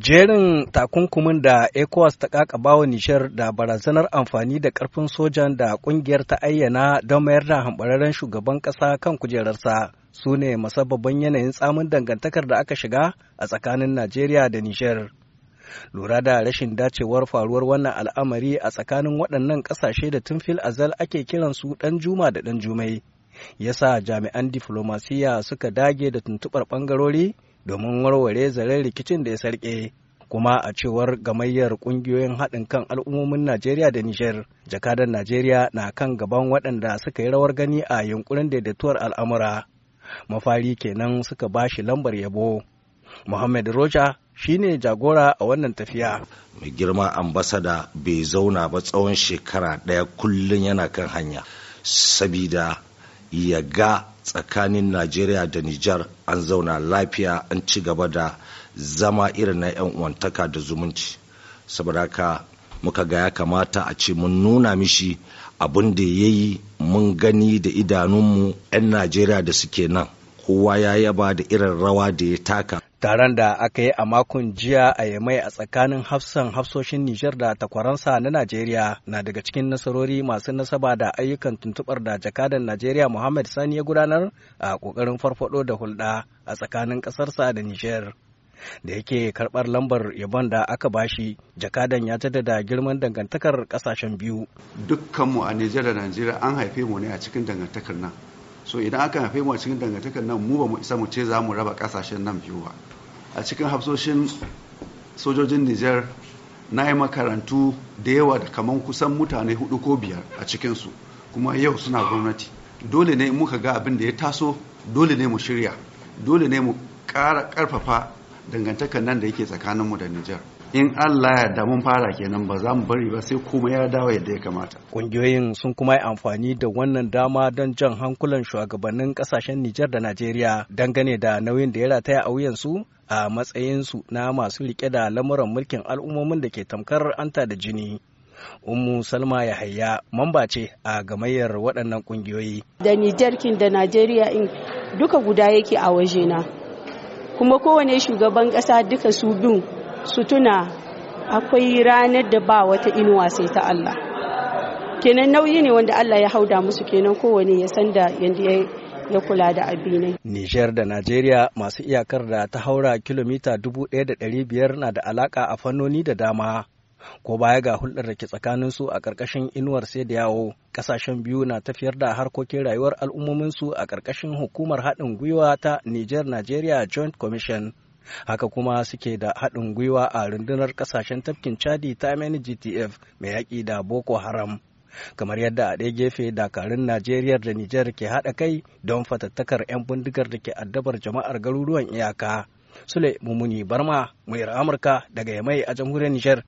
jerin takunkumin da ecowas ta bawa nishar da barazanar amfani da karfin sojan da kungiyar ta ayyana don mayar da hambararren shugaban kasa kan kujerarsa su ne masababban yanayin tsamin dangantakar da aka shiga a tsakanin najeriya da nishar lura da rashin dacewar faruwar wannan al'amari a tsakanin waɗannan ƙasashe da tun fil azal ake kiransu ɗan juma da ɗan jumai yasa jami'an diflomasiyya suka dage da tuntuɓar ɓangarori domin warware zaren rikicin da ya sarƙe kuma a cewar gamayyar kungiyoyin haɗin kan al'ummomin Najeriya da Nijar, jakadan Najeriya na kan gaban waɗanda suka yi rawar gani a yunkurin daidaituwar al'amura. Mafari kenan suka ba shi lambar yabo. Muhammad Roja shi ne jagora a wannan tafiya. Mai girma ambasada bai zauna ba tsawon shekara ɗaya kullum yana kan hanya, sabida ya ga tsakanin najeriya da nijar an zauna lafiya an ci gaba da zama irin na 'yan uwantaka da zumunci saboda haka muka ga ya kamata a ce mun nuna mishi abin da ya yi mun gani da idanunmu 'yan najeriya da suke nan kowa ya yaba da irin rawa da ya taka Taron da aka yi a makon jiya a Yamai a tsakanin hafsan hafsoshin Nijar da takwaransa na Najeriya na daga cikin nasarori masu nasaba da ayyukan tuntubar da jakadan Najeriya Muhammad Sani ya gudanar a ƙoƙarin farfaɗo da hulɗa a tsakanin ƙasarsa da Nijar. Da yake karɓar lambar yabon da aka bashi, jakadan ya jaddada girman dangantakar ƙasashen biyu. Dukkanmu a Nijar da Najeriya an haife mu ne a cikin dangantakar nan. so idan aka haife mu a cikin dangantakar nan mu ba mu isa mu ce za mu raba kasashen nan biyu ba a cikin hafsoshin sojojin niger na yi makarantu da yawa da kaman kusan mutane hudu ko biyar a cikinsu kuma yau suna gwamnati dole ne muka ga abin da ya taso dole ne mu shirya dole ne mu ƙara ƙarfafa dangantakar nan da yake tsakanin mu da niger in Allah ya mun fara kenan ba za mu bari ba sai kuma ya dawo yadda ya kamata. Ƙungiyoyin sun kuma yi amfani da wannan dama don jan hankulan shugabannin ƙasashen Nijar da Najeriya dangane da nauyin da ya rataya a wuyansu a matsayinsu na masu riƙe da lamuran mulkin al'ummomin da ke tamkar anta da jini. Ummu Salma Yahaya mamba ce a gamayyar waɗannan ƙungiyoyi. Da kin da Najeriya in duka guda yake a waje na, Kuma kowane shugaban ƙasa duka su bin su tuna akwai ranar da ba wata inuwa sai ta Allah kenan nauyi ne wanda Allah ya hauda musu kenan kowane ya san da yadda ya kula da abinai. Nijar da Najeriya masu iyakar da ta haura kilomita 1,500 na da alaka a fannoni da dama. Ko baya ga hulɗar da ke tsakanin su a ƙarƙashin inuwar sai da yawo, ƙasashen biyu na tafiyar da harkokin rayuwar al'ummomin su a ƙarƙashin hukumar haɗin gwiwa ta Nijar Najeriya Joint Commission. haka kuma suke da haɗin gwiwa a rundunar ƙasashen tafkin chadi ta gtf mai yaƙi da boko haram kamar yadda a ɗaya gefe dakarun najeriya da nijar ke haɗa kai don fatattakar 'yan bindigar da ke addabar jama'ar garuruwan iyaka sule mummuni barma muryar amurka daga yamai a jamhuriyar nijar